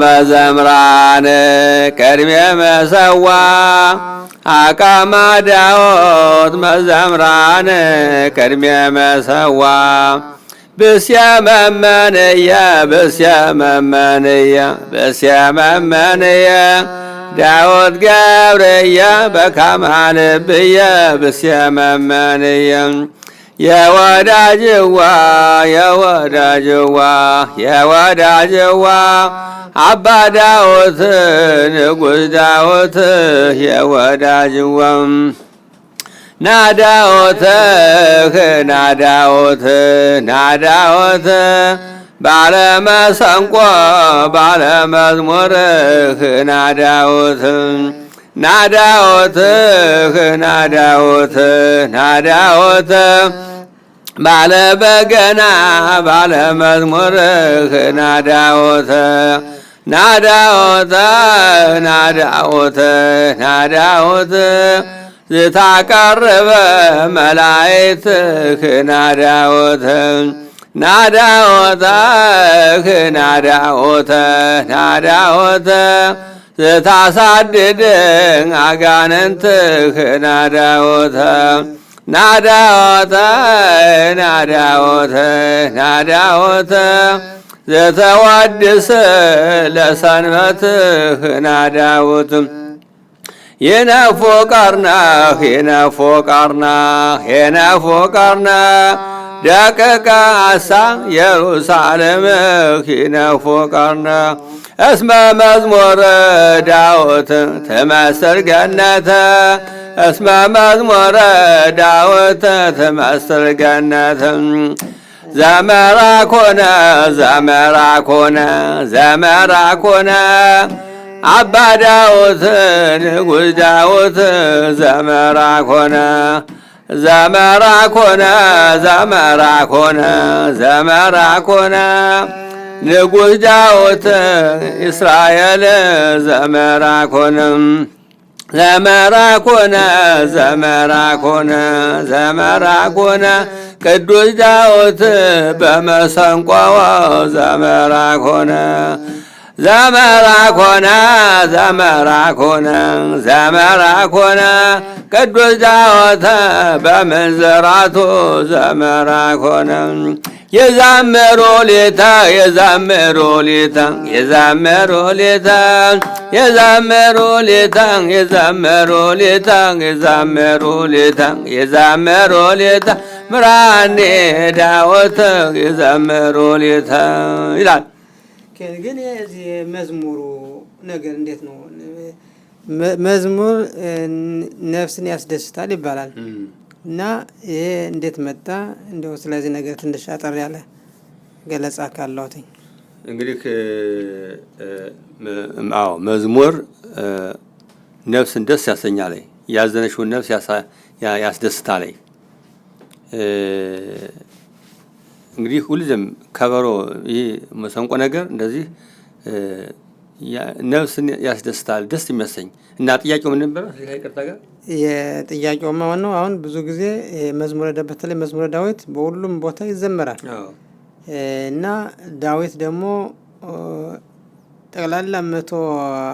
መዘምራን ቅድሜ መሰዋ አቃማ ዳዎት መዘምራን ቅድሜ መሰዋ ብስየ መመንየ ብስየ መመንየ ብስየ መመንየ ዳዎት ገብርየ በካማንብየ ብስየ መመንየ የወዳጅዋ የወዳጅዋ የወዳጅዋ አባ ዳዊት ንጉሥ ዳዊት የወዳጅዋም ናዳወትህ ናዳወትህ ናዳወትህ ባለመሰንቆ ባለመዝሙርህ ናዳወትህ ናዳወትህ ናዳወትህ ናዳወትህ ባለ በገና ባለ መዝሙርህ ናዳወተ ናዳወተ ናዳወተ ናዳወተ ዝታቀርበ መላእክትህ ናዳወተ ናዳወተ ናዳወተ ናዳወተ ዝታሳድድን አጋንንትህ ናዳወተ ናዳወተ ናዳወተ ናዳወተ ዘተዋድሰ ለሰንበትህ ናዳውት የነፎ ቀርናህ የነፎ ቀርናህ የነፎ ኢየሩሳሌምህ የነፎ እስመ መዝሙረ ዳዊት ትመስል እስመ መዝሙረ ዳዊት ትመስል ገነትም ዘመራ ኮነ ዘመራ ኮነ ዘመራ ኮነ አባ ዳዊት ንጉሥ ዳዊት ዘመራ ኮነ ዘመራ ኮነ ዘመራ ኮነ ዘመራ ኮነ ንጉሥ ዳዊት እስራኤል ዘመራ ኮነም ዘመራኮነ ዘመራኮነ ዘመራኮነ ቅዱስ ዳዊት በመሰንቋዋ ዘመራኮነ ዘመራኮነ ዘመራኮነ ዘመራኮነ ቅዱስ ዳወተ በምንዘራቱ ዘመራኮነ የዛመሮ ሌታ የዛመሮ ሌታ የዛመሮ ሌታ የዛመሮ ሌታ የዛመሮ ሌታ የዛመሮ ሌታ የዛመሮ ሌታ ምራኔ ዳወተ የዛመሮ ሌታ ይላል። ግን የዚህ መዝሙሩ ነገር እንዴት ነው? መዝሙር ነፍስን ያስደስታል ይባላል እና ይሄ እንዴት መጣ? እንደው ስለዚህ ነገር ትንሽ አጠር ያለ ገለጻ ካለውትኝ። እንግዲህ አዎ መዝሙር ነፍስን ደስ ያሰኛለይ፣ ያዘነችውን ነፍስ ያስደስታለይ። እንግዲህ ሁልም ከበሮ ይህ መሰንቆ ነገር እንደዚህ ነፍስን ያስደስታል፣ ደስ የሚያሰኝ እና ጥያቄው ምን ነበረ? ይቅርታ ጋር የጥያቄው ዋናው አሁን ብዙ ጊዜ መዝሙረ በተለይ መዝሙረ ዳዊት በሁሉም ቦታ ይዘመራል እና ዳዊት ደግሞ ጠቅላላ መቶ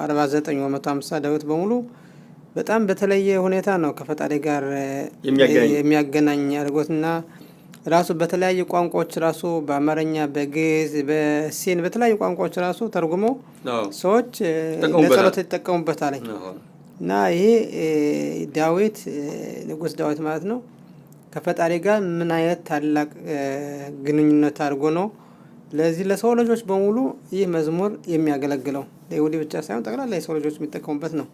አርባ ዘጠኝ መቶ ሃምሳ ዳዊት በሙሉ በጣም በተለየ ሁኔታ ነው ከፈጣሪ ጋር የሚያገናኝ አድርጎትና ራሱ በተለያዩ ቋንቋዎች ራሱ በአማርኛ፣ በግዕዝ፣ በሲን በተለያዩ ቋንቋዎች ራሱ ተርጉሞ ሰዎች ለጸሎት ይጠቀሙበታል እና ይሄ ዳዊት ንጉስ ዳዊት ማለት ነው ከፈጣሪ ጋር ምን አይነት ታላቅ ግንኙነት አድርጎ ነው ለዚህ ለሰው ልጆች በሙሉ ይህ መዝሙር የሚያገለግለው ለይሁዲ ብቻ ሳይሆን ጠቅላላ የሰው ልጆች የሚጠቀሙበት ነው።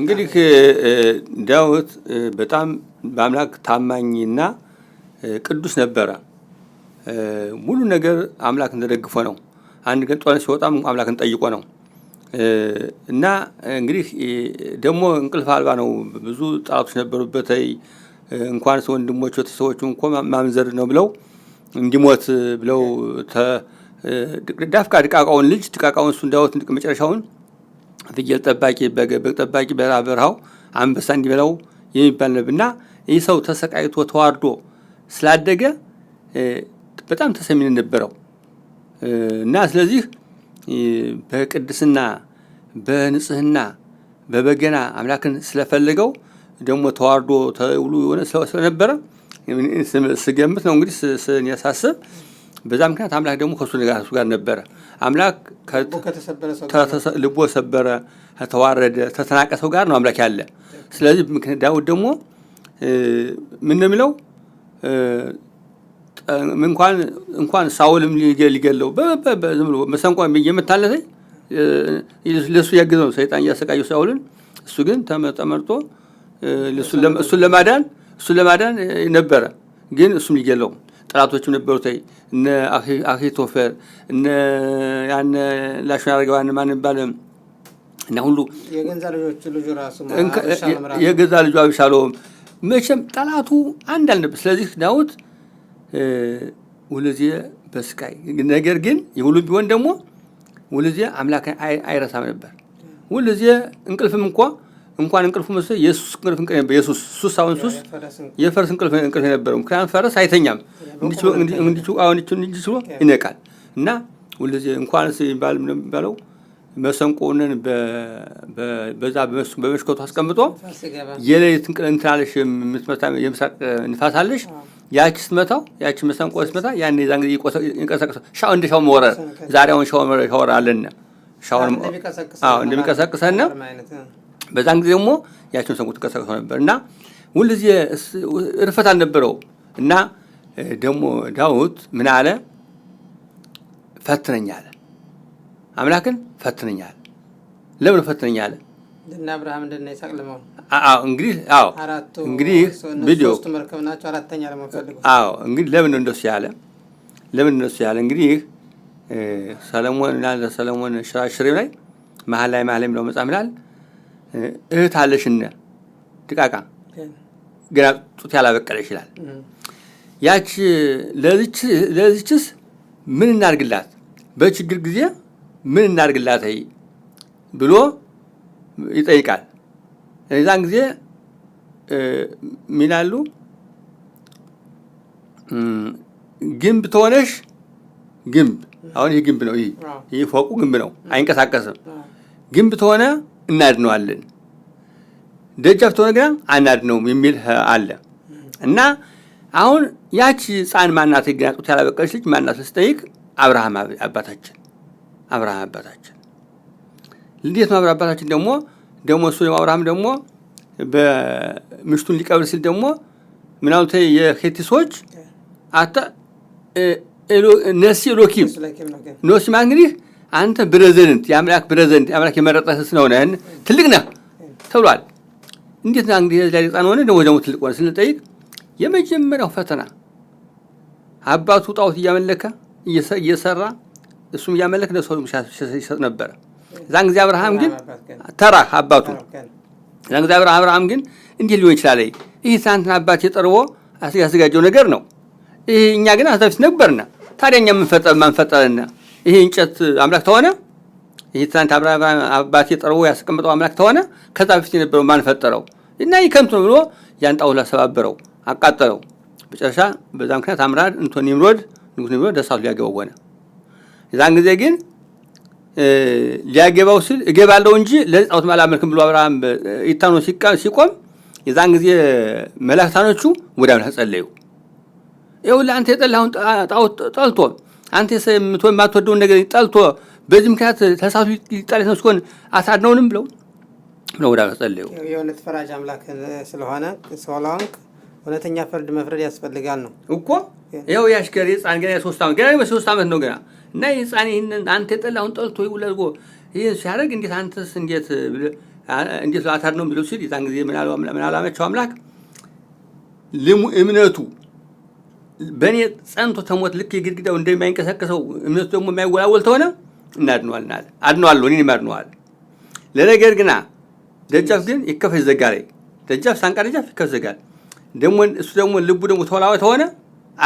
እንግዲህ ዳዊት በጣም በአምላክ ታማኝና ቅዱስ ነበረ። ሙሉ ነገር አምላክን ተደግፎ ነው። አንድ ቀን ጦርነት ሲወጣም አምላክን ጠይቆ ነው እና እንግዲህ ደግሞ እንቅልፍ አልባ ነው። ብዙ ጠላቶች ነበሩበት። እንኳን ወንድሞቹ ቤተሰቦቹ እንኮ ማምዘር ነው ብለው እንዲሞት ብለው ዳፍቃ ድቃቃውን ልጅ ድቃቃውን እሱ ዳዊት መጨረሻውን ፍየል ጠባቂ በግ ጠባቂ በረሃው አንበሳ እንዲበላው የሚባል ነብና ይህ ሰው ተሰቃይቶ ተዋርዶ ስላደገ በጣም ተሰሚን ነበረው እና ስለዚህ በቅድስና በንጽህና በበገና አምላክን ስለፈለገው ደግሞ ተዋርዶ ተውሉ የሆነ ስለነበረ ስገምት ነው እንግዲህ ስንያሳስብ በዛ ምክንያት አምላክ ደግሞ ከእሱ ጋር ነበረ። አምላክ ልቦ ሰበረ፣ ተዋረደ፣ ተተናቀ ሰው ጋር ነው አምላክ ያለ። ስለዚህ ምክንያት ዳዊት ደግሞ ምን የሚለው እንኳን እንኳን ሳውልም ሊገለው ዝም ብሎ መሰንቆ የምታለሰኝ ለእሱ ያግዘው ሰይጣን እያሰቃየው ሳውልን፣ እሱ ግን ተመርጦ እሱን ለማዳን እሱን ለማዳን ነበረ ግን እሱም ሊገለው ጠላቶችም ነበሩት። እነ አኪቶፈር እነ ያነ ላሽን አረጋውያን ማን ባለ እና ሁሉ የገዛ ልጁ አብሻሎም መቼም ጠላቱ አንድ አልነበር። ስለዚህ ዳዊት ሁልጊዜ በስቃይ ነገር ግን የሁሉም ቢሆን ደግሞ ሁልጊዜ አምላክ አይረሳም ነበር። ሁልጊዜ እንቅልፍም እንኳ እንኳን እንቅልፉ መስ የሱስ እንቅልፍ የሱስ ሱስ አሁን ሱስ የፈረስ እንቅልፍ እንቅልፍ የነበረው ምክንያቱም ፈረስ አይተኛም አሁን እንዲህ ችሎ ይነቃል። እና ሁልጊዜ እንኳንስ የሚባል የሚባለው መሰንቆንን በዛ በመሽከቱ አስቀምጦ የሌሊት እንትናለሽ የምሳቅ ንፋስ አለሽ ያቺ ስትመታው ያቺ መሰንቆ ስትመታ ያን ዛን ጊዜ ይንቀሳቀሰ ሻው እንደ ሻው መወረር ዛሬ አሁን ሻው መወረር አለና ሻውን እንደሚቀሰቅሰን በዛን ጊዜ ደግሞ ያችን ሰንቁ ትቀሰቀሰው ነበር እና ሁልጊዜ እርፈት አልነበረው እና ደግሞ ዳዊት ምን አለ? ፈትነኝ አለ። አምላክን ፈትነኝ አለ። ለምን ፈትነኝ አለ? እና እንግዲህ አዎ እንግዲህ እንግዲህ ለምን እንደሱ ያለ? ለምን እንደሱ ያለ? እንግዲህ ሰለሞን ሰለሞን ሽራሽሬ ላይ መሀል ላይ መሀል ላይ የሚለው መጽሐፍ ይላል እህት አለሽን ድቃቃ ግና ጡት ያላበቀለ ይችላል። ያች ለዚችስ ምን እናድርግላት፣ በችግር ጊዜ ምን ይ ብሎ ይጠይቃል። እዛን ጊዜ ሚላሉ ግንብ ተሆነሽ ግንብ አሁን ይህ ግንብ ነው። ይህ ፎቁ ግንብ ነው፣ አይንቀሳቀስም። ግንብ ተሆነ እናድነዋለን፣ ደጃፍ ተሆነ ግን አናድነውም የሚል አለ እና አሁን ያቺ ሕፃን ማናት ግን ጡት ያላበቀለች ልጅ ማናት ስጠይቅ አብርሃም አባታችን አብርሃም አባታችን እንዴት ነው አብርሃም አባታችን ደግሞ ደግሞ እሱ አብርሃም ደግሞ በምሽቱን ሊቀብር ሲል ደግሞ ምናምን የኬቲ ሰዎች አታ ነሲ ሎኪም ኖሲ ማ እንግዲህ አንተ ብረዘንት የአምላክ ብረዘንት የአምላክ የመረጠህ ስለሆነን ትልቅ ነህ ተብሏል። እንዴት ና እንግዲህ ላይ ሕፃን ሆነ ደግሞ ደግሞ ትልቅ ሆነ ስንጠይቅ የመጀመሪያው ፈተና አባቱ ጣዖት እያመለከ እየሰራ እሱም እያመለክ ለሰው ይሰጥ ነበረ። እዛን ጊዜ አብርሃም ግን ተራ አባቱ እዛን ጊዜ አብርሃም ግን እንዲህ ሊሆን ይችላል። ይህ ትናንትና አባት የጠርቦ ያዘጋጀው ነገር ነው። ይህ እኛ ግን አስተፊት ነበርና ታዲያ እኛ ማንፈጠረና ይሄ እንጨት አምላክ ተሆነ? ይሄ ትናንት አባቴ ጠርቦ ያስቀምጠው አምላክ ተሆነ? ከዛ በፊት የነበረው ማን ፈጠረው? እና ይህ ከንቱ ነው ብሎ ያን ጣውላ ሰባበረው፣ አቃጠለው። መጨረሻ በዛ ምክንያት አምራድ እንቶ ኒምሮድ ንጉሥ ኒምሮድ ደሳቱ ሊያገባው ሆነ። የዛን ጊዜ ግን ሊያገባው ስል እገባለው እንጂ ለጣዖት አላመልክም ብሎ አብርሃም ኢታኖ ሲቆም የዛን ጊዜ መላእክታኖቹ ወደ አምላክ ጸለዩ። ይኸውልህ አንተ የጠላኸውን ጣዖት ጠልቶ አንተ የማትወደውን ነገር ጠልቶ በዚህ ምክንያት ተሳቱ ነው ሲሆን አሳድነውንም ብለው ነው ወደ ጸለዩ። የእውነት ፈራጅ አምላክ ስለሆነ ስለሆንክ እውነተኛ ፍርድ መፍረድ ያስፈልጋል ነው እኮ። ይኸው ያሽከር ህፃን ገና የሶስት ዓመት ገና በሶስት ዓመት ነው ገና እና ህፃን ይህንን አንተ የጠላሁን ጠልቶ ይውለድጎ ይህ ሲያደርግ እንዴት አንተስ እንዴት እንዴት አታድነውም ብለው ሲል የዛን ጊዜ አላማቸው አምላክ እምነቱ በእኔ ጸንቶ ተሞት ልክ የግድግዳው እንደማይንቀሳቀሰው እምነቱ ደግሞ የማይወላወል ተሆነ እናድነዋል አድነዋለሁ እኔንም አድነዋል። ለነገር ግና ደጃፍ ግን ይከፈት ዘጋ ደጃፍ ሳንቃ ደጃፍ ይከፈት ዘጋል። ደግሞ እሱ ደግሞ ልቡ ደግሞ ተወላዋይ ተሆነ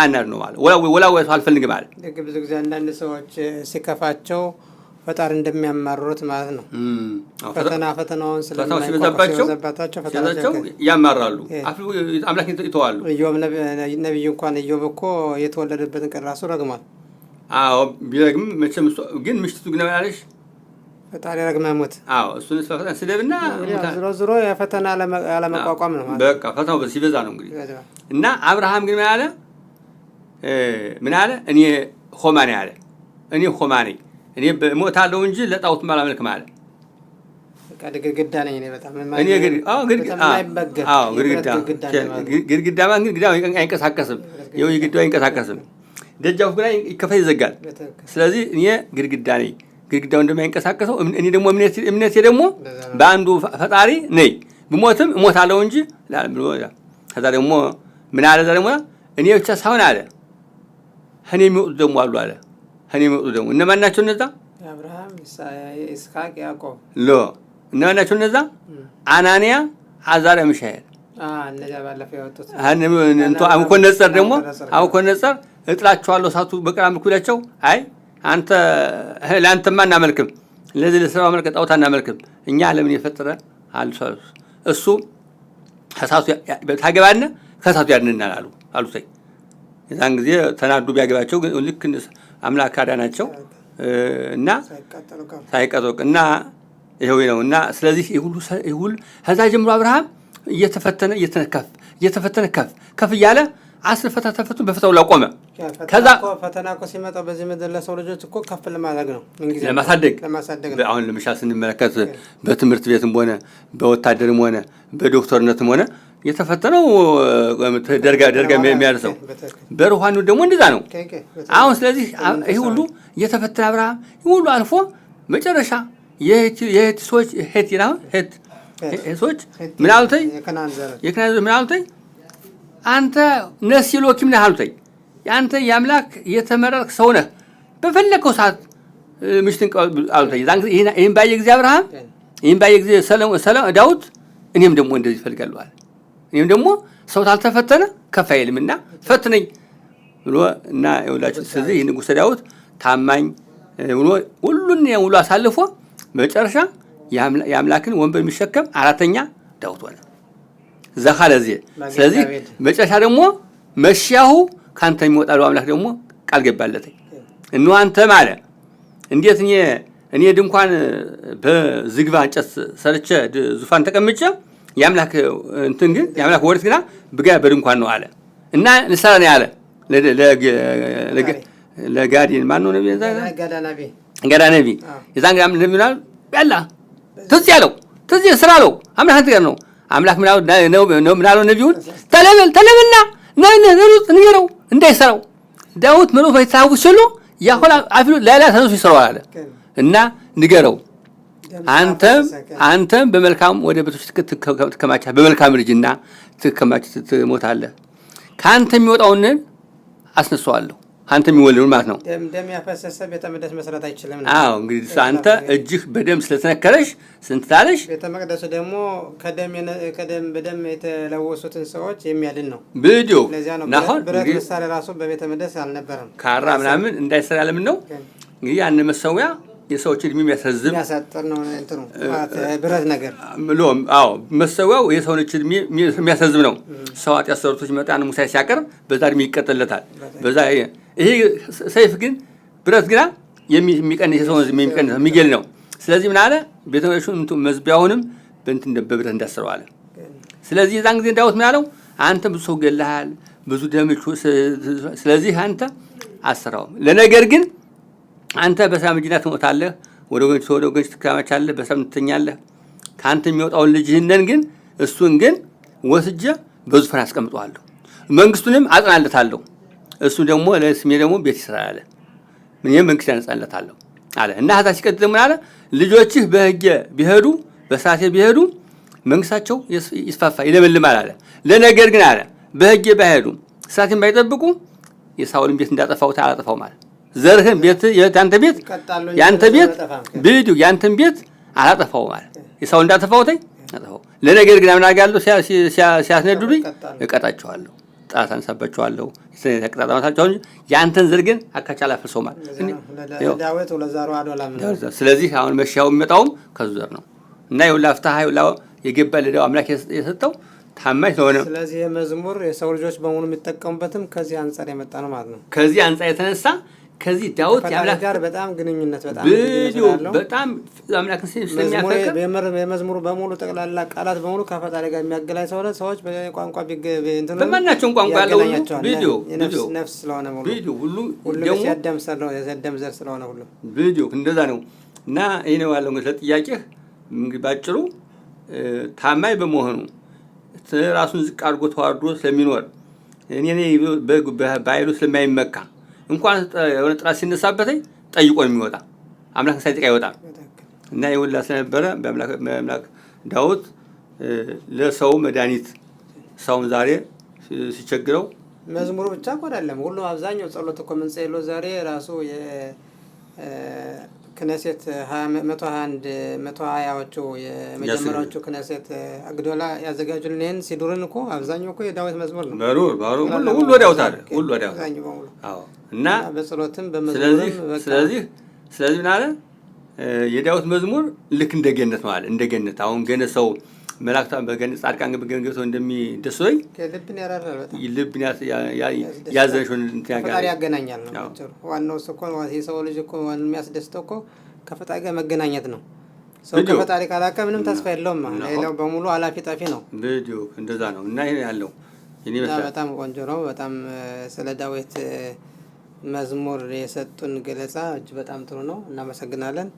አናድነዋል ወላወ ሰው አልፈልግም አለ። ብዙ ጊዜ አንዳንድ ሰዎች ሲከፋቸው ፈጣሪ እንደሚያማርሩት ማለት ነው። ፈተና ፈተናውን ስለሚበዛባቸው ፈተናቸው ያማራሉ፣ አምላክ ይተዋሉ። ኢዮብ ነቢይ እንኳን ኢዮብ እኮ የተወለደበትን ቀን ራሱ ረግሟል። አዎ ቢረግም መቼም ግን ምሽቱ ግን ያለሽ ፈጣሪ ረግመ ሙት። እሱን ፈተና ስደብና ዝሮ ዝሮ የፈተና አለመቋቋም ነው። በቃ ፈተናው ሲበዛ ነው እንግዲህ እና አብርሃም ግን ምን አለ? ምን አለ? እኔ ሆማኔ ነኝ አለ። እኔ ሆማኔ እኔ እሞታለሁ እንጂ ለጣዖት አላመልክም አለ። ግድግዳ ነኝ በጣም ግድግዳ ግድግዳ አይንቀሳቀስም፣ ግድግዳው አይንቀሳቀስም፣ ደጃፉ ግን ይከፈት ይዘጋል። ስለዚህ እኔ ግድግዳ ነኝ፣ ግድግዳው እንደማይንቀሳቀሰው እኔ ደግሞ እምነቴ ደግሞ በአንዱ ፈጣሪ ነኝ፣ ብሞትም እሞታለሁ እንጂ ከዛ ደግሞ ምን አለ ደግሞ እኔ ብቻ ሳይሆን አለ እኔ የሚወጡት ደግሞ አሉ አለ ከኔ የመጡ ደግሞ እነማን ናቸው እነዛ? ሎ እነማን ናቸው እነዛ? አናንያ፣ አዛርያ፣ ሚሻኤል አምኮነጸር ደግሞ አምኮነጸር እጥላችኋለሁ እሳቱ በቀር ምልኩ ቢላቸው አይ አንተ ለአንተማ እናመልክም፣ ለዚህ ለስራ መልክ ጣዖት አናመልክም እኛ ዓለምን የፈጠረ አልሳሉስ እሱ ከሳቱ ታገባነ ከሳቱ ያድንናል አሉ አሉ። የዛን ጊዜ ተናዱ ቢያገባቸው ልክ አምላክ አዳናቸው እና ሳይቀጠቅ እና ይሄው ነው እና ስለዚህ ይሁል ከዛ ጀምሮ አብርሃም እየተፈተነ እየተነከፍ እየተፈተነ ከፍ ከፍ እያለ አስር ፈታ ተፈቱ በፈታው ላቆመ ከዛ ፈተና እኮ ሲመጣ በዚህ ምድር ለሰው ልጆች እኮ ከፍ ለማድረግ ነው ለማሳደግ ለማሳደግ አሁን ለምሻ ስንመለከት በትምህርት ቤትም ሆነ በወታደርም ሆነ በዶክተርነትም ሆነ የተፈተነው ደርጋ ደርጋ የሚያደርሰው በሩሃኑ ደግሞ እንደዛ ነው። አሁን ስለዚህ ይህ ሁሉ የተፈተነ አብርሃም ይህ ሁሉ አልፎ መጨረሻ የሄት ሰዎች ሄት ይላል ሄት ሰዎች ምን አሉተኝ? ዘር ምን አሉተኝ? አንተ ነስ የሎኪም ነህ አሉተኝ። አንተ የአምላክ የተመረጥክ ሰው ነህ፣ በፈለግከው ሰዓት ምሽትን አሉተኝ። ዛን ይህን ባየ ጊዜ አብርሃም ይህን ባየ ጊዜ ዳዊት እኔም ደግሞ እንደዚህ ይፈልጋለዋል እኔም ደግሞ ሰው ታልተፈተነ ከፍ አይልምና ፈትነኝ ብሎ እና ይኸውላችሁ፣ ስለዚህ ይህ ንጉሥ ዳዊት ታማኝ ብሎ ሁሉን ውሎ አሳልፎ መጨረሻ የአምላክን ወንበር የሚሸከም አራተኛ ዳዊት ሆነ። ዘኻለዜ ስለዚህ መጨረሻ ደግሞ መሻሁ ከአንተ የሚወጣለው አምላክ ደግሞ ቃል ገባለተኝ እንሆ አንተ ማለ እንዴት እኔ እኔ ድንኳን በዝግባ እንጨት ሰርቼ ዙፋን ተቀምጬ የአምላክ እንትን ግን የአምላክ ወርት ግና ብጋ በድንኳን ነው አለ እና ንሳ ነው ያለ ለጋዲን ማን ነው ነቢ ገዳ ነቢ የዛን ግ ነቢና ያላ ትዝ ያለው ትዝ ስራ አለው አምላክ አንተ ነው አምላክ ምናለው ነቢውን ተለበል ተለምና ነሩት ንገረው እንዳይሰራው ዳዊት መኖ ፈይታዊ ስሎ ያሁን አፊሉ ላይላ ተነሱ ይሰራዋል አለ እና ንገረው አንተም አንተም በመልካም ወደ ቤቶች ትከማቻ በመልካም ልጅና ትከማች ትሞታለህ። ከአንተ የሚወጣውንን አስነሳዋለሁ። አንተ የሚወልደውን ማለት ነው። ደም ያፈሰሰ ቤተ መቅደስ መስራት አይችልም። አዎ እንግዲህ አንተ እጅህ በደም ስለተነከረሽ ስንት ታለሽ። ቤተ መቅደሱ ደግሞ ከደም በደም የተለወሱትን ሰዎች የሚያድን ነው። ብዲዮ ናሁን ብረት ምሳሌ ራሱ በቤተ መቅደስ አልነበረም። ካራ ምናምን እንዳይሰራ ለምን ነው እንግዲህ ያን መሰዊያ የሰዎች እድሜ የሚያሳዝብ ብረት ነገር ሎ አዎ፣ መሰዊያው የሰውነች እድሜ የሚያሳዝብ ነው። ሰው ኃጢአት ሰርቶች ሲመጣ አንድ ሙሳይ ሲያቀርብ በዛ እድሜ ይቀጥለታል። በዛ ይሄ ሰይፍ ግን ብረት ግና የሚቀንስ የሰውን እድሜ የሚቀንስ የሚገል ነው። ስለዚህ ምን አለ ቤተመሹን መዝቢያውንም በእንትን በብረት እንዳስረዋለ። ስለዚህ የዛን ጊዜ እንዳወት ምን አለው አንተ ብዙ ሰው ገለሃል፣ ብዙ ደምቹ። ስለዚህ አንተ አስራው ለነገር ግን አንተ በሰላም እጅና ትሞታለህ፣ ወደ ወገኖች ወደ ወገኖች ትከማቻለህ፣ በሰላም ትተኛለህ። ከአንተ የሚወጣውን ልጅህን ግን እሱን ግን ወስጄ በዙፋን አስቀምጠዋለሁ፣ መንግስቱንም አጽናለታለሁ። እሱ ደግሞ ለስሜ ደግሞ ቤት ይሰራል አለ። እኔም መንግስት ያነጻለታለሁ አለ እና ከዛ ሲቀጥል ምን አለ? ልጆችህ በህጌ ቢሄዱ በሥርዓቴ ቢሄዱ መንግስታቸው ይስፋፋ ይለመልማል አለ። ለነገር ግን አለ በህጌ ባይሄዱ ሥርዓቴን ባይጠብቁ የሳውልን ቤት እንዳጠፋው አላጠፋውም አለ። ዘርህን ቤት ያንተ ቤት ያንተ ቤት ብዱ ያንተን ቤት አላጠፋው ማለት የሰው እንዳጠፋው ተይ አጠፋው። ለነገር ግን አምናጋ ያለው ሲያስነዱብኝ እቀጣቸዋለሁ፣ ጣት አንሳባቸዋለሁ። ተቀጣጣማታቸው እንጂ ያንተን ዘር ግን አካቻ አላፈሰው ማለት። ስለዚህ አሁን መሻው የሚመጣውም ከዙ ዘር ነው እና የውላ ፍትሀ የውላ የገባ ለዳው አምላክ የሰጠው ታማኝ ስለሆነ ስለዚህ መዝሙር የሰው ልጆች በሙሉ የሚጠቀሙበትም ከዚህ አንጻር የመጣ ነው ማለት ነው። ከዚህ አንጻር የተነሳ ከዚህ ዳዊት ጋር በጣም ግንኙነት በጣም በጣም አምላክን ስለሚያፈቅር የመዝሙሩ በሙሉ ጠቅላላ ቃላት በሙሉ ከፈጣሪ ጋር የሚያገላኝ ሰው ሰዎች ቋንቋ በማናቸውን ቋንቋ ያለው ነፍስ ስለሆነ ሁሉ ሲያደም ዘር ስለሆነ ሁሉ ቪዲዮ እንደዛ ነው እና ይህ ነው ያለው ስለ ጥያቄህ እንግዲህ ባጭሩ ታማኝ በመሆኑ ራሱን ዝቅ አድርጎ ተዋርዶ ስለሚኖር እኔ በኃይሉ ስለማይመካ እንኳን የሆነ ጥላት ሲነሳበትኝ ጠይቆ የሚወጣ አምላክ ሳይጠይቅ አይወጣም እና የሁላ ስለነበረ በአምላክ ዳዊት ለሰው መድኃኒት ሰውን ዛሬ ሲቸግረው መዝሙሩ ብቻ እኮ አይደለም ሁሉም አብዛኛው ጸሎት እኮ ምንጽ የለው ዛሬ ራሱ ክነሴት 121 120ዎቹ የመጀመሪያዎቹ ክነሴት አግዶላ ያዘጋጁልን ይህን ሲዱርን እኮ አብዛኛው እኮ የዳዊት መዝሙር ነው። ሁሉ ወዲያውታ ሁሉ ወዲያውታ እና በጸሎትም በመዝሙርም ስለዚህ ስለዚህ ምናለ የዳዊት መዝሙር ልክ እንደ ገነት ማለት እንደ ገነት አሁን ገነት ሰው መላእክቷን በገን ጻድቃን በገነት ገብተው ወይ ልብን ያራራል። ልብን ያዘንሽውን ፈጣሪ ያገናኛል ነው ዋናው። እሱ እኮ የሰው ልጅ እኮ የሚያስደስተው እኮ ከፈጣሪ ጋር መገናኘት ነው። ሰው ከፈጣሪ ካላቀ ምንም ተስፋ የለውም። ሌላው በሙሉ አላፊ ጠፊ ነው። ልጁ እንደዛ ነው እና ይሄ ያለው በጣም ቆንጆ ነው። በጣም ስለ ዳዊት መዝሙር የሰጡን ገለጻ እጅ በጣም ጥሩ ነው። እናመሰግናለን።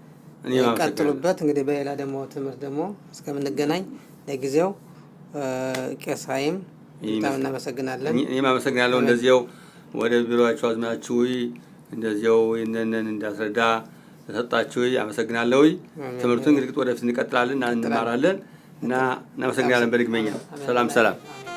ቀጥሉበት። እንግዲህ በሌላ ደግሞ ትምህርት ደግሞ እስከምንገናኝ ለጊዜው ቄስ ሀይም በጣም እናመሰግናለን። እኔም አመሰግናለሁ። እንደዚያው ወደ ቢሮቸው አዝማችሁ እንደዚያው ይህንን እንዳስረዳ ተሰጣችሁ አመሰግናለሁ። ትምህርቱን ግጥግጥ ወደፊት እንቀጥላለን፣ እንማራለን እና እናመሰግናለን። በድግመኛ ሰላም ሰላም